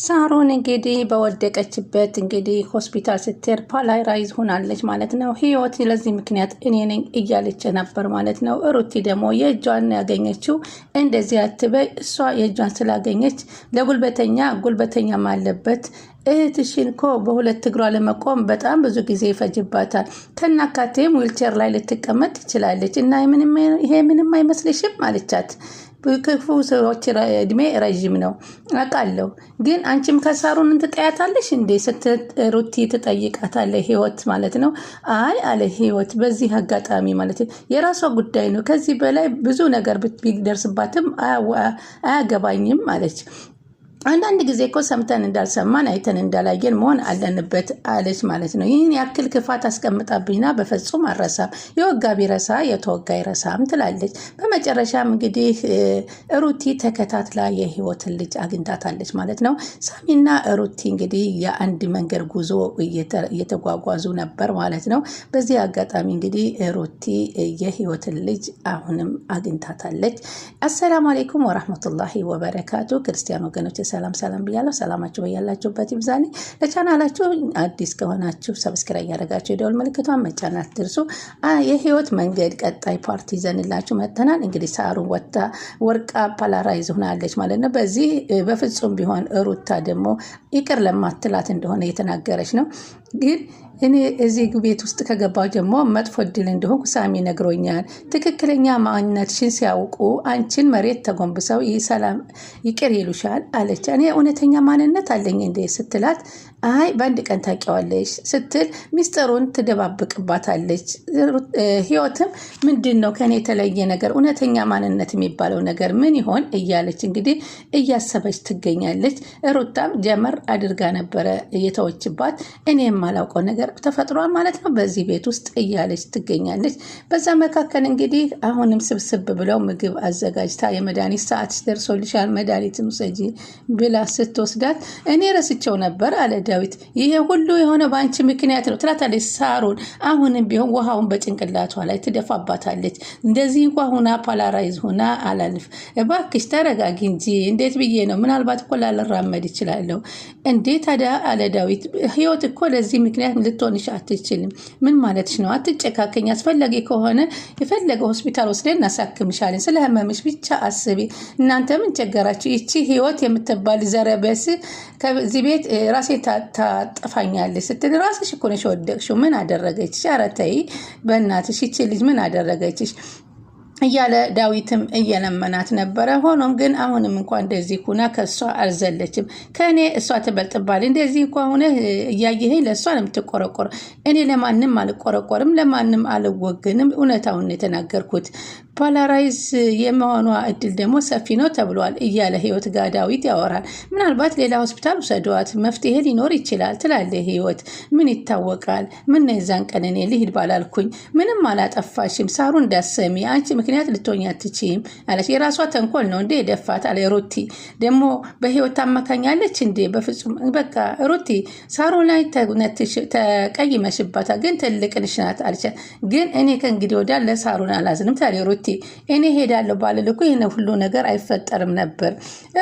ሳሮን እንግዲህ በወደቀችበት እንግዲህ ሆስፒታል ስትሄድ ፓላራይዝ ሆናለች ማለት ነው። ህይወት ለዚህ ምክንያት እኔ ነኝ እያለች ነበር ማለት ነው። ሩቲ ደግሞ የእጇን ያገኘችው እንደዚህ አትበይ፣ እሷ የእጇን ስላገኘች ለጉልበተኛ ጉልበተኛም አለበት እህትሽን እኮ በሁለት እግሯ ለመቆም በጣም ብዙ ጊዜ ይፈጅባታል። ከናካቴም ዊልቸር ላይ ልትቀመጥ ትችላለች እና ይሄ ምንም አይመስልሽም አለቻት። ክፉ ሰዎች እድሜ ረዥም ነው አውቃለሁ። ግን አንቺም ከሳሩን እንትጠያታለሽ እንዴ? ሩቲ ትጠይቃታለህ። ህይወት ማለት ነው። አይ አለ ህይወት በዚህ አጋጣሚ ማለት የራሷ ጉዳይ ነው። ከዚህ በላይ ብዙ ነገር ቢደርስባትም አያገባኝም አለች። አንዳንድ ጊዜ እኮ ሰምተን እንዳልሰማን አይተን እንዳላየን መሆን አለንበት አለች ማለት ነው። ይህን ያክል ክፋት አስቀምጣብኝና በፍጹም አረሳም፣ የወጋ ቢረሳ የተወጋ አይረሳም ትላለች። በመጨረሻም እንግዲህ ሩቲ ተከታትላ የህይወትን ልጅ አግኝታታለች ማለት ነው። ሳሚና ሩቲ እንግዲህ የአንድ መንገድ ጉዞ እየተጓጓዙ ነበር ማለት ነው። በዚህ አጋጣሚ እንግዲህ ሩቲ የህይወትን ልጅ አሁንም አግኝታታለች። አሰላሙ አሌይኩም ወራህመቱላሂ ወበረካቱ ክርስቲያን ወገኖች ሰላም ሰላም ብያለሁ። ሰላማችሁ በያላችሁበት ይብዛኔ። ለቻናላችሁ አዲስ ከሆናችሁ ሰብስክራይብ እያደረጋችሁ የደወል ምልክቷን መጫን አትርሱ። የህይወት መንገድ ቀጣይ ፓርቲ ይዘንላችሁ መጥተናል። እንግዲህ ሳሩ ወታ ወርቃ ፓላራይዝ ሆናለች ማለት ነው። በዚህ በፍጹም ቢሆን ሩታ ደግሞ ይቅር ለማትላት እንደሆነ የተናገረች ነው ግን እኔ እዚህ ቤት ውስጥ ከገባሁ ደግሞ መጥፎ እድል እንደሆንኩ ሳሚ ነግሮኛል። ትክክለኛ ማንነትሽን ሲያውቁ አንቺን መሬት ተጎንብሰው ሰላም ይቅር ይሉሻል አለች። እኔ እውነተኛ ማንነት አለኝ እንዴ ስትላት አይ በአንድ ቀን ታውቂዋለሽ ስትል ሚስጥሩን ትደባብቅባታለች። ህይወትም ምንድን ነው ከእኔ የተለየ ነገር እውነተኛ ማንነት የሚባለው ነገር ምን ይሆን እያለች እንግዲህ እያሰበች ትገኛለች። ሩታም ጀመር አድርጋ ነበረ እየተወችባት እኔ የማላውቀው ነገር ነገር ተፈጥሯል ማለት ነው በዚህ ቤት ውስጥ እያለች ትገኛለች። በዛ መካከል እንግዲህ አሁንም ስብስብ ብለው ምግብ አዘጋጅታ የመድኃኒት ሰዓት ደርሶልሻል መድኃኒትን ውሰጂ ብላ ስትወስዳት እኔ ረስቸው ነበር አለ ዳዊት። ይሄ ሁሉ የሆነ በአንቺ ምክንያት ነው ትላታለች ሳሩን። አሁንም ቢሆን ውሃውን በጭንቅላቷ ላይ ትደፋባታለች። እንደዚህ እንኳ ሁና ፓላራይዝ ሁና አላልፍ እባክሽ ተረጋጊ እንጂ እንዴት ብዬ ነው ምናልባት እኮ ላልራመድ ይችላለሁ እንዴ ታዲያ አለ ዳዊት። ህይወት እኮ ለዚህ ምክንያት ልትሆንሽ አትችልም። ምን ማለትሽ ነው? አትጨካከኝ። አስፈላጊ ከሆነ የፈለገ ሆስፒታል ወስደን እናሳክምሻለን። ስለ ህመምሽ ብቻ አስቤ። እናንተ ምን ቸገራችሁ? ይቺ ህይወት የምትባል ዘረበስ ከዚህ ቤት ራሴ ታጠፋኛለች ስትል ራስሽ እኮ ነሽ የወደቅሽው። ምን አደረገችሽ? ኧረ ተይ በእናትሽ። ይቺ ልጅ ምን አደረገችሽ? እያለ ዳዊትም እየለመናት ነበረ። ሆኖም ግን አሁንም እንኳ እንደዚህ ሁና ከእሷ አልዘለችም። ከእኔ እሷ ትበልጥባል። እንደዚህ እንኳ ሁነ እያየህ ለእሷ ነው የምትቆረቆር። እኔ ለማንም አልቆረቆርም፣ ለማንም አልወግንም። እውነታውን የተናገርኩት ፖላራይዝ የመሆኗ እድል ደግሞ ሰፊ ነው ተብሏል እያለ ህይወት ጋር ዳዊት ያወራል። ምናልባት ሌላ ሆስፒታል ውሰዷት መፍትሄ ሊኖር ይችላል ትላለ ህይወት። ምን ይታወቃል? ምን ነው የዛን ቀን እኔ ልሂድ ባላልኩኝ? ምንም አላጠፋሽም። ሳሩ እንዳሰሚ አንቺ ምክ ምክንያት ልትሆኝ አትችም አለች። የራሷ ተንኮል ነው እንዴ ደፋት አለ ሩቲ። ደግሞ በህይወት ታመካኛለች እንዴ? በፍጹም በቃ ሩቲ ሳሮ ላይ ተቀይመሽባታ፣ ግን ትልቅንሽ ናት አለቻት። ግን እኔ ከእንግዲህ ወዲያ ለሳሩን አላዝንም ታለ ሩቲ። እኔ ሄዳለሁ ባልልኩ እኮ ይህን ሁሉ ነገር አይፈጠርም ነበር።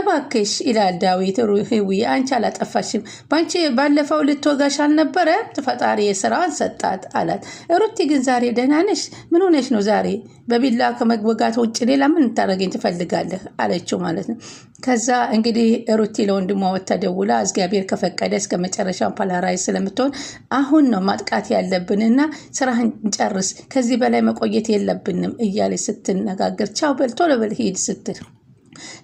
እባክሽ ይላል ዳዊት። ህዊ አንቺ አላጠፋሽም፣ በአንቺ ባለፈው ልትወጋሽ አልነበረ? ፈጣሪ የስራዋን ሰጣት አላት። ሩቲ ግን ዛሬ ደህና ነሽ? ምን ሆነሽ ነው ዛሬ በቢላ ከመወጋት ውጭ ሌላ ምን እንታደረገኝ ትፈልጋለህ? አለችው ማለት ነው። ከዛ እንግዲህ ሩቲ ለወንድሟ ወታ ደውላ እግዚአብሔር ከፈቀደ እስከ መጨረሻ ፓላራይዝ ስለምትሆን አሁን ነው ማጥቃት ያለብን እና ስራህን ጨርስ፣ ከዚህ በላይ መቆየት የለብንም እያለች ስትነጋገር ቻው በልቶ ለበል ሂድ ስትል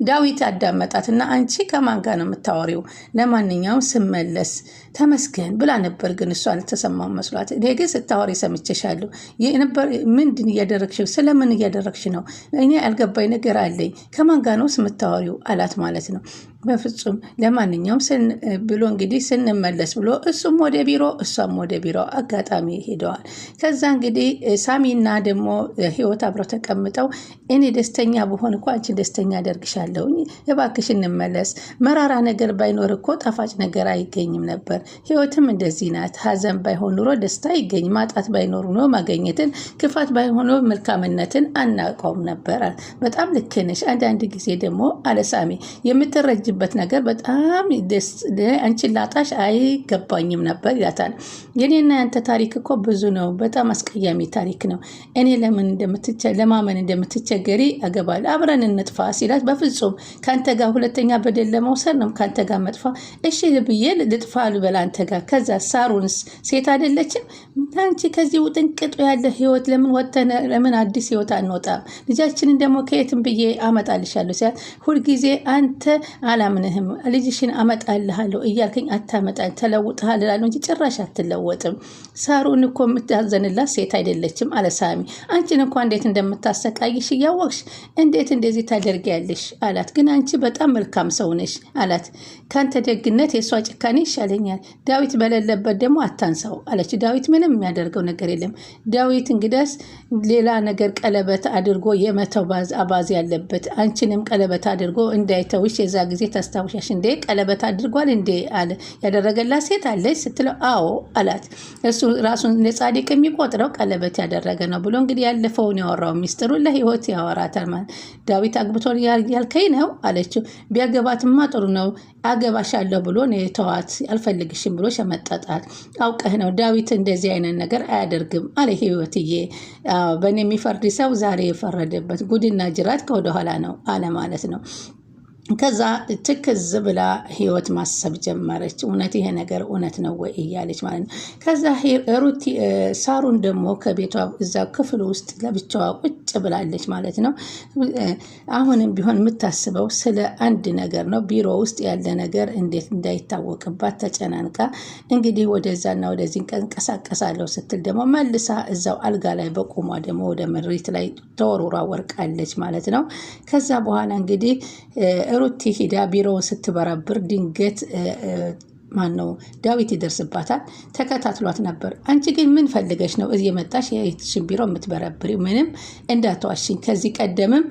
ዳዊት አዳመጣት እና አንቺ ከማን ጋር ነው የምታወሪው? ለማንኛውም ስመለስ ተመስገን ብላ ነበር፣ ግን እሷ አልተሰማው መስሏት። እኔ ግን ስታወሪ ሰምቼሻለሁ። ምንድን እያደረግሽ ስለምን እያደረግሽ ነው? እኔ ያልገባኝ ነገር አለኝ። ከማን ጋር ነው የምታወሪው አላት ማለት ነው። በፍጹም ለማንኛውም ብሎ እንግዲህ ስንመለስ ብሎ እሱም ወደ ቢሮ እሷም ወደ ቢሮ አጋጣሚ ሄደዋል። ከዛ እንግዲህ ሳሚና ደግሞ ህይወት አብረው ተቀምጠው እኔ ደስተኛ በሆን እኮ አንቺ ደስተኛ አደርግሻለሁ፣ እባክሽ እንመለስ፣ መራራ ነገር ባይኖር እኮ ጣፋጭ ነገር አይገኝም ነበር። ህይወትም እንደዚህ ናት። ሀዘን ባይሆን ኑሮ ደስታ ይገኝ፣ ማጣት ባይኖር ኖ ማገኘትን፣ ክፋት ባይሆኑ መልካምነትን አናውቀውም ነበራል። በጣም ልክ ነሽ። አንዳንድ ጊዜ ደግሞ አለሳሚ የምትረጅ የምትሄድበት ነገር በጣም አንቺን ላጣሽ አይገባኝም ነበር ይላታል። የኔና ያንተ ታሪክ እኮ ብዙ ነው። በጣም አስቀያሚ ታሪክ ነው። እኔ ለምን ለማመን እንደምትቸገሪ አገባል አብረን እንጥፋ ሲላት፣ በፍጹም ከአንተ ጋር ሁለተኛ በደል ለመውሰድ ነው ከአንተ ጋር መጥፋ። እሺ ብዬ ልጥፋ ልበል አንተ ጋር ከዛ ሳሩንስ ሴት አይደለችም አንቺ ከዚህ ውጥንቅጡ ያለ ህይወት ለምን ወተነ ለምን አዲስ ህይወት አንወጣም? ልጃችንን ደግሞ ከየትም ብዬ አመጣልሻለሁ ሲላት፣ ሁልጊዜ አንተ አላ አላምንህም፣ ልጅሽን አመጣልሃለሁ እያልከኝ አታመጣል፣ ተለውጥሃል እላለሁ እንጂ ጭራሽ አትለወጥም። ሳሩን እኮ የምታዘንላት ሴት አይደለችም አለ ሳሚ። አንቺን እንኳ እንዴት እንደምታሰቃይሽ እያወቅሽ እንዴት እንደዚህ ታደርጊያለሽ? አላት። ግን አንቺ በጣም መልካም ሰው ነሽ አላት። ካንተ ደግነት የእሷ ጭካኔ ይሻለኛል። ዳዊት በሌለበት ደግሞ አታንሳው አለች። ዳዊት ምንም የሚያደርገው ነገር የለም። ዳዊት እንግዳስ ሌላ ነገር ቀለበት አድርጎ የመተው አባዝ ያለበት አንቺንም ቀለበት አድርጎ እንዳይተውሽ የዛ ጊዜ ጊዜ ታስታውሻሽ እንዴ ቀለበት አድርጓል እንዴ አለ። ያደረገላት ሴት አለች ስትለው አዎ አላት። እሱ ራሱን ለጻድቅ የሚቆጥረው ቀለበት ያደረገ ነው ብሎ እንግዲህ ያለፈውን ያወራው ሚስጥሩ ለህይወት ያወራታል። ማለት ዳዊት አግብቶ ያልከኝ ነው አለችው። ቢያገባትማ ጥሩ ነው አለው ብሎ ተዋት አልፈልግሽም ብሎ ሸመጠጣል። አውቀህ ነው ዳዊት እንደዚህ አይነት ነገር አያደርግም አለ ህይወትዬ። በእኔ የሚፈርድ ሰው ዛሬ የፈረደበት ጉድና ጅራት ከወደኋላ ነው አለ ማለት ነው። ከዛ ትክዝ ብላ ህይወት ማሰብ ጀመረች። እውነት ይሄ ነገር እውነት ነው ወይ እያለች ማለት ነው። ከዛ ሩቲ ሳሩን ደግሞ ከቤቷ እዛ ክፍል ውስጥ ለብቻዋ ቁጭ ብላለች ማለት ነው። አሁንም ቢሆን የምታስበው ስለ አንድ ነገር ነው። ቢሮ ውስጥ ያለ ነገር እንዴት እንዳይታወቅባት ተጨናንቃ እንግዲህ ወደዛና ወደዚህ እንቀሳቀሳለሁ ስትል ደግሞ መልሳ እዛው አልጋ ላይ በቁሟ ደግሞ ወደ ምሪት ላይ ተወርውራ ወርቃለች ማለት ነው። ከዛ በኋላ እንግዲህ ሩቲ ሂዳ ቢሮውን ስትበረብር ድንገት ማን ነው ዳዊት ይደርስባታል። ተከታትሏት ነበር። አንቺ ግን ምን ፈልገሽ ነው እዚህ የመጣሽ የእህትሽን ቢሮ የምትበረብሪው? ምንም እንዳተዋሽኝ ከዚህ ቀደምም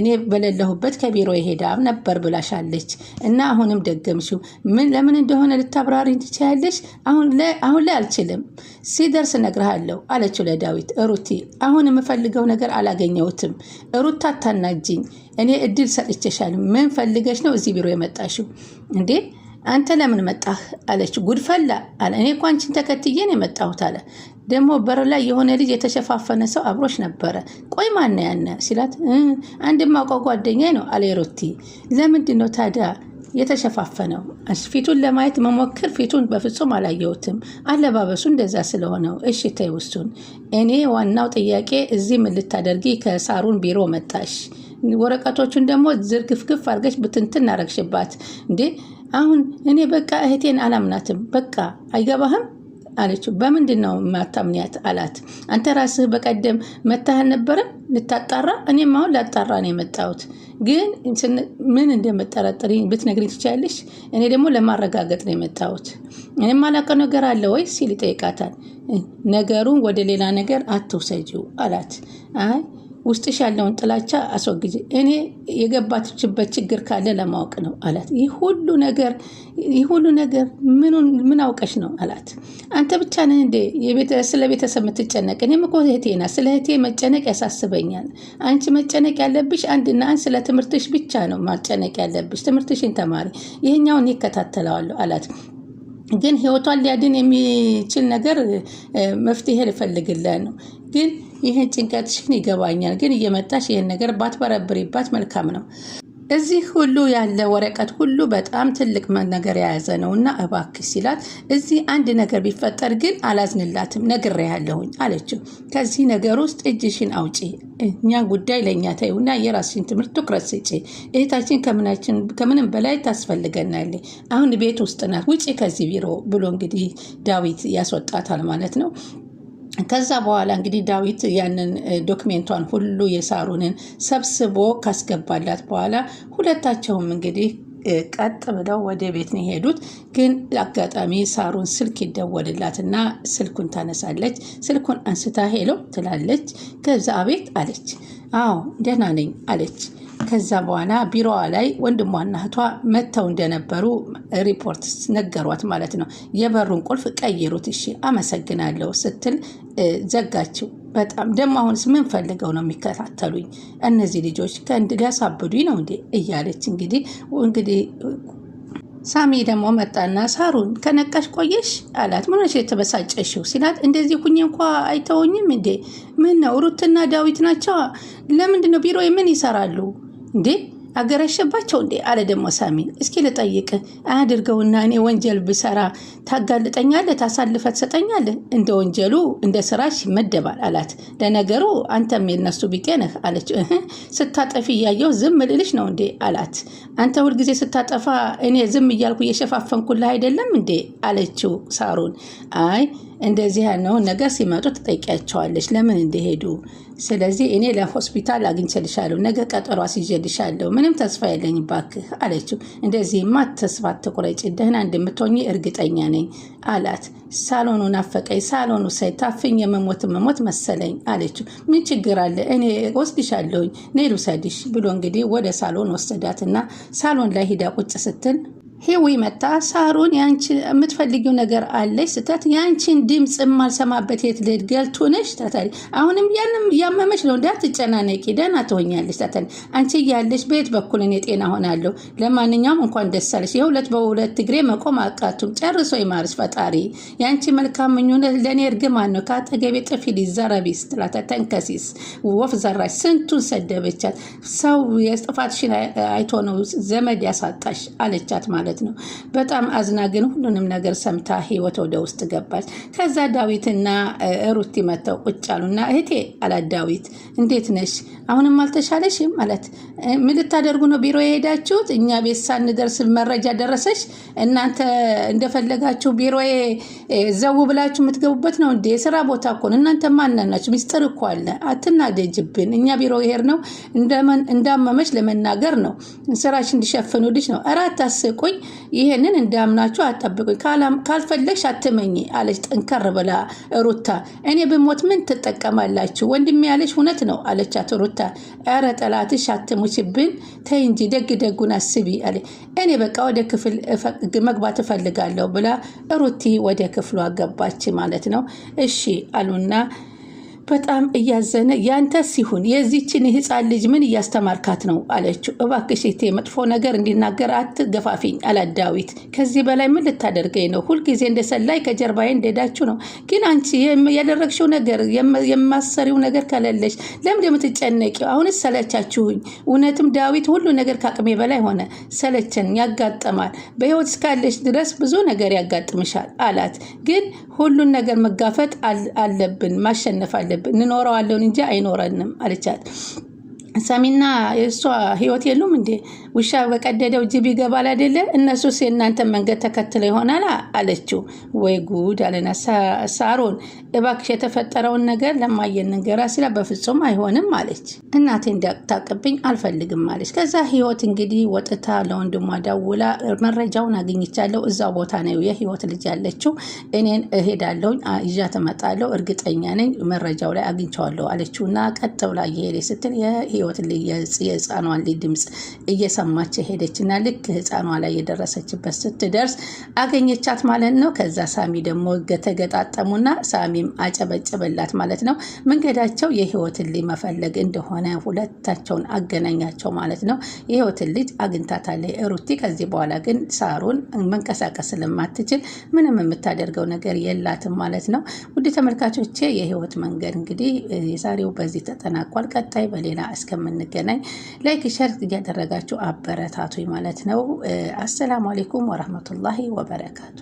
እኔ በሌለሁበት ከቢሮ የሄዳ ነበር ብላሻለች እና አሁንም ደገምሽው። ምን ለምን እንደሆነ ልታብራሪ ትችያለሽ? አሁን ላይ አልችልም፣ ሲደርስ እነግርሃለሁ አለችው ለዳዊት። ሩቲ አሁን የምፈልገው ነገር አላገኘሁትም። ሩታ አታናጅኝ። እኔ እድል ሰጥቼሻለሁ። ምን ፈልገሽ ነው እዚህ ቢሮ የመጣሽው እንዴ? አንተ ለምን መጣህ አለች። ጉድፈላ አለ። እኔ እኮ አንቺን ተከትዬን የመጣሁት አለ። ደግሞ በር ላይ የሆነ ልጅ የተሸፋፈነ ሰው አብሮች ነበረ። ቆይ ማን ያነ ሲላት፣ አንድ ጓደኛ ነው አለ ሮቲ። ለምንድን ነው ታዲያ የተሸፋፈነው? ፊቱን ለማየት መሞክር፣ ፊቱን በፍጹም አላየሁትም። አለባበሱ እንደዛ ስለሆነው። እሺ ተይው እሱን። እኔ ዋናው ጥያቄ እዚህ ምን ልታደርጊ ከሳሩን ቢሮ መጣሽ? ወረቀቶቹን ደግሞ ዝርግፍግፍ አድርገሽ ብትንትን አረግሽባት እንዴ አሁን እኔ በቃ እህቴን አላምናትም፣ በቃ አይገባህም አለችው። በምንድን ነው ማታምንያት አላት። አንተ ራስህ በቀደም መታህ አልነበረም ልታጣራ? እኔም አሁን ላጣራ ነው የመጣሁት። ግን ምን እንደምጠረጥር ብትነግሪኝ ትችያለሽ? እኔ ደግሞ ለማረጋገጥ ነው የመጣሁት። እኔም አላውቀው ነገር አለ ወይ ሲል ይጠይቃታል። ነገሩን ወደ ሌላ ነገር አትውሰጂው አላት። አይ ውስጥሽ ያለውን ጥላቻ አስወግጅ፣ እኔ የገባችበት ችግር ካለ ለማወቅ ነው አላት። ይህ ሁሉ ነገር ይህ ሁሉ ነገር ምን አውቀሽ ነው አላት። አንተ ብቻ ነህ እንዴ ስለ ቤተሰብ የምትጨነቅ? እኔም እኮ እህቴ ናት። ስለ እህቴ መጨነቅ ያሳስበኛል። አንቺ መጨነቅ ያለብሽ አንድና አንድ ስለ ትምህርትሽ ብቻ ነው ማጨነቅ ያለብሽ። ትምህርትሽን ተማሪ፣ ይህኛውን ይከታተለዋለሁ አላት። ግን ህይወቷን ሊያድን የሚችል ነገር መፍትሄ ልፈልግልህ ነው ግን ይህን ጭንቀትሽን ይገባኛል። ግን እየመጣሽ ይህን ነገር ባትበረብሪባት መልካም ነው። እዚህ ሁሉ ያለ ወረቀት ሁሉ በጣም ትልቅ ነገር የያዘ ነው እና እባክሽ ሲላት፣ እዚህ አንድ ነገር ቢፈጠር ግን አላዝንላትም ያለሁኝ አለችው። ከዚህ ነገር ውስጥ እጅሽን አውጪ፣ እኛ ጉዳይ ለእኛ ተይውና የራስሽን ትምህርት ትኩረት ስጪ። እህታችን ከምንም በላይ ታስፈልገናለች። አሁን ቤት ውስጥ ናት፣ ውጪ ከዚህ ቢሮ ብሎ እንግዲህ ዳዊት ያስወጣታል ማለት ነው። ከዛ በኋላ እንግዲህ ዳዊት ያንን ዶክሜንቷን ሁሉ የሳሩንን ሰብስቦ ካስገባላት በኋላ ሁለታቸውም እንግዲህ ቀጥ ብለው ወደ ቤት ነው የሄዱት። ግን አጋጣሚ ሳሩን ስልክ ይደወልላትና ስልኩን ታነሳለች። ስልኩን አንስታ ሄሎ ትላለች። ከዛ አቤት አለች። አዎ ደህና ነኝ አለች። ከዛ በኋላ ቢሮዋ ላይ ወንድሟና እህቷ መጥተው እንደነበሩ ሪፖርት ነገሯት ማለት ነው። የበሩን ቁልፍ ቀይሩት፣ እሺ አመሰግናለሁ ስትል ዘጋችው። በጣም ደግሞ አሁንስ ምን ፈልገው ነው የሚከታተሉኝ እነዚህ ልጆች ከእንድ ሊያሳብዱኝ ነው እንዴ እያለች እንግዲህ እንግዲህ ሳሚ ደግሞ መጣና ሳሩን ከነቃሽ ቆየሽ አላት። ምኖች የተበሳጨሽው ሲላት፣ እንደዚህ ሁኜ እንኳ አይተውኝም እንዴ? ምን ነው ሩትና ዳዊት ናቸው? ለምንድን ነው ቢሮ ምን ይሰራሉ? እንዴ አገረሸባቸው እንዴ አለ ደግሞ ሳሚ። እስኪ ልጠይቅ አያድርገውና እኔ ወንጀል ብሰራ ታጋልጠኛለ ታሳልፈ ትሰጠኛለ እንደ ወንጀሉ እንደ ስራሽ ይመደባል አላት። ለነገሩ አንተም የነሱ ቢጤ ነህ አለች። ስታጠፊ እያየው ዝም ልልሽ ነው እንዴ አላት። አንተ ሁልጊዜ ስታጠፋ እኔ ዝም እያልኩ እየሸፋፈንኩልህ አይደለም እንዴ አለችው ሳሩን። አይ እንደዚህ ያለውን ነገር ሲመጡ ትጠይቂያቸዋለች ለምን እንደሄዱ። ስለዚህ እኔ ለሆስፒታል አግኝቼልሻለሁ፣ ነገ ቀጠሮ አስይዤልሻለሁ፣ ምንም ተስፋ የለኝ ባክህ አለችው። እንደዚህማ ተስፋ አትቁረጭ፣ ደህና እንደምትሆኝ እርግጠኛ ነኝ አላት። ሳሎኑ ናፈቀኝ፣ ሳሎኑ ሳይታፍኝ የመሞት መሞት መሰለኝ አለችው። ምን ችግር አለ እኔ ወስድሻለሁኝ፣ ነይ ልውሰድሽ ብሎ እንግዲህ ወደ ሳሎን ወሰዳትና ሳሎን ላይ ሂዳ ቁጭ ስትል ሄዊ መጣ። ያንቺ የምትፈልጊው ነገር አለች ስተት ያንቺን ድምፅ የማልሰማበት የት ልሂድ ገልቱንሽ ነሽ አሁንም ያንም ያመመች ነው እንዳትጨናነቂ፣ ደህና ትሆኛለች ታታል። አንቺ እያለች በየት በኩል እኔ ጤና ሆናለሁ? ለማንኛውም እንኳን ደስ አለሽ። የሁለት በሁለት እግሬ መቆም አቃቱም። ጨርሶ ይማርሽ ፈጣሪ። ያንቺ መልካም ምኞነት ለእኔ እርግማን ነው። ከአጠገቤ ጥፊ ሊዘረቢስ ትላተ ተንከሲስ ወፍ ዘራሽ ስንቱን ሰደበቻት። ሰው የጥፋትሽን አይቶ ነው ዘመድ ያሳጣሽ አለቻት ማለት ማለት ነው። በጣም አዝና ግን ሁሉንም ነገር ሰምታ ህይወት ወደ ውስጥ ገባች። ከዛ ዳዊትና ሩቲ መጥተው ቁጭ አሉና እህቴ አላት ዳዊት እንዴት ነሽ? አሁንም አልተሻለሽም? ማለት ምን ልታደርጉ ነው ቢሮ የሄዳችሁት? እኛ ቤት ሳንደርስ መረጃ ደረሰሽ? እናንተ እንደፈለጋችሁ ቢሮ ዘው ብላችሁ የምትገቡበት ነው እንዴ? የስራ ቦታ እኮ ነው። እናንተ ማናናችሁ? ሚስጥር እኮ አለ። አትናደጅብን። እኛ ቢሮ ሄር ነው እንዳመመች ለመናገር ነው፣ ስራሽ እንዲሸፍኑልሽ ነው። ኧረ አስቁኝ ይህንን እንዳምናችሁ አጠብቁኝ፣ ካልፈለግሽ አትመኝ አለች ጠንከር ብላ ሩታ። እኔ ብሞት ምን ትጠቀማላችሁ? ወንድሜ ያለሽ እውነት ነው አለቻት ሩታ። ኧረ ጠላትሽ አትሙችብን፣ ተይ እንጂ ደግ ደጉን አስቢ አለ። እኔ በቃ ወደ ክፍል መግባት እፈልጋለሁ ብላ ሩቲ ወደ ክፍሏ ገባች ማለት ነው። እሺ አሉና በጣም እያዘነ ያንተ ሲሆን የዚችን የህፃን ልጅ ምን እያስተማርካት ነው አለችው። እባክሽ እህቴ መጥፎ ነገር እንዲናገር አትገፋፊኝ አላት ዳዊት። ከዚህ በላይ ምን ልታደርገኝ ነው? ሁልጊዜ እንደ ሰላይ ከጀርባዬ እንደሄዳችሁ ነው። ግን አንቺ ያደረግሽው ነገር የማሰሪው ነገር ከሌለሽ ለምንድን የምትጨነቂው? አሁንስ ሰለቻችሁኝ። እውነትም ዳዊት ሁሉ ነገር ከአቅሜ በላይ ሆነ። ሰለችን፣ ያጋጠማል በህይወት እስካለሽ ድረስ ብዙ ነገር ያጋጥምሻል አላት። ግን ሁሉን ነገር መጋፈጥ አለብን ማሸነፋለን አለብን እንኖረዋለን እንጂ አይኖረንም አለቻት። ሰሚና የእሷ ህይወት የሉም እንዴ? ውሻ በቀደደው ጅብ ይገባል አይደለ? እነሱስ የእናንተ መንገድ ተከትለው ይሆናል አለችው። ወይ ጉድ አለና ሳሮን እባክሽ የተፈጠረውን ነገር ለማየን ንገራ ሲላ በፍጹም አይሆንም አለች። እናቴ እንዳታቅብኝ አልፈልግም አለች። ከዛ ህይወት እንግዲህ ወጥታ ለወንድሟ ደውላ መረጃውን አግኝቻለሁ፣ እዛው ቦታ ነው የህይወት ልጅ ያለችው፣ እኔን እሄዳለሁኝ ይዣ ትመጣለሁ፣ እርግጠኛ ነኝ መረጃው ላይ አግኝቸዋለሁ አለችው እና ቀጥ ብላ እየሄደ ስትል የህፃኗን ልጅ ድምፅ እየሰማች ሄደች ልክ ህፃኗ ላይ የደረሰችበት ስትደርስ አገኘቻት ማለት ነው። ከዛ ሳሚ ደግሞ ተገጣጠሙና ሳሚም አጨበጨበላት ማለት ነው። መንገዳቸው የህይወትን ልጅ መፈለግ እንደሆነ ሁለታቸውን አገናኛቸው ማለት ነው። የህይወትን ልጅ አግኝታታለች ሩቲ። ከዚህ በኋላ ግን ሳሩን መንቀሳቀስ ስለማትችል ምንም የምታደርገው ነገር የላትም ማለት ነው። ውድ ተመልካቾቼ የህይወት መንገድ እንግዲህ የዛሬው በዚህ ተጠናቋል። ቀጣይ በሌላ እስከ እስከምንገናኝ ላይክ፣ ሸር እያደረጋችሁ አበረታቱኝ ማለት ነው። አሰላሙ አሌይኩም ወረህመቱላሂ ወበረካቱ።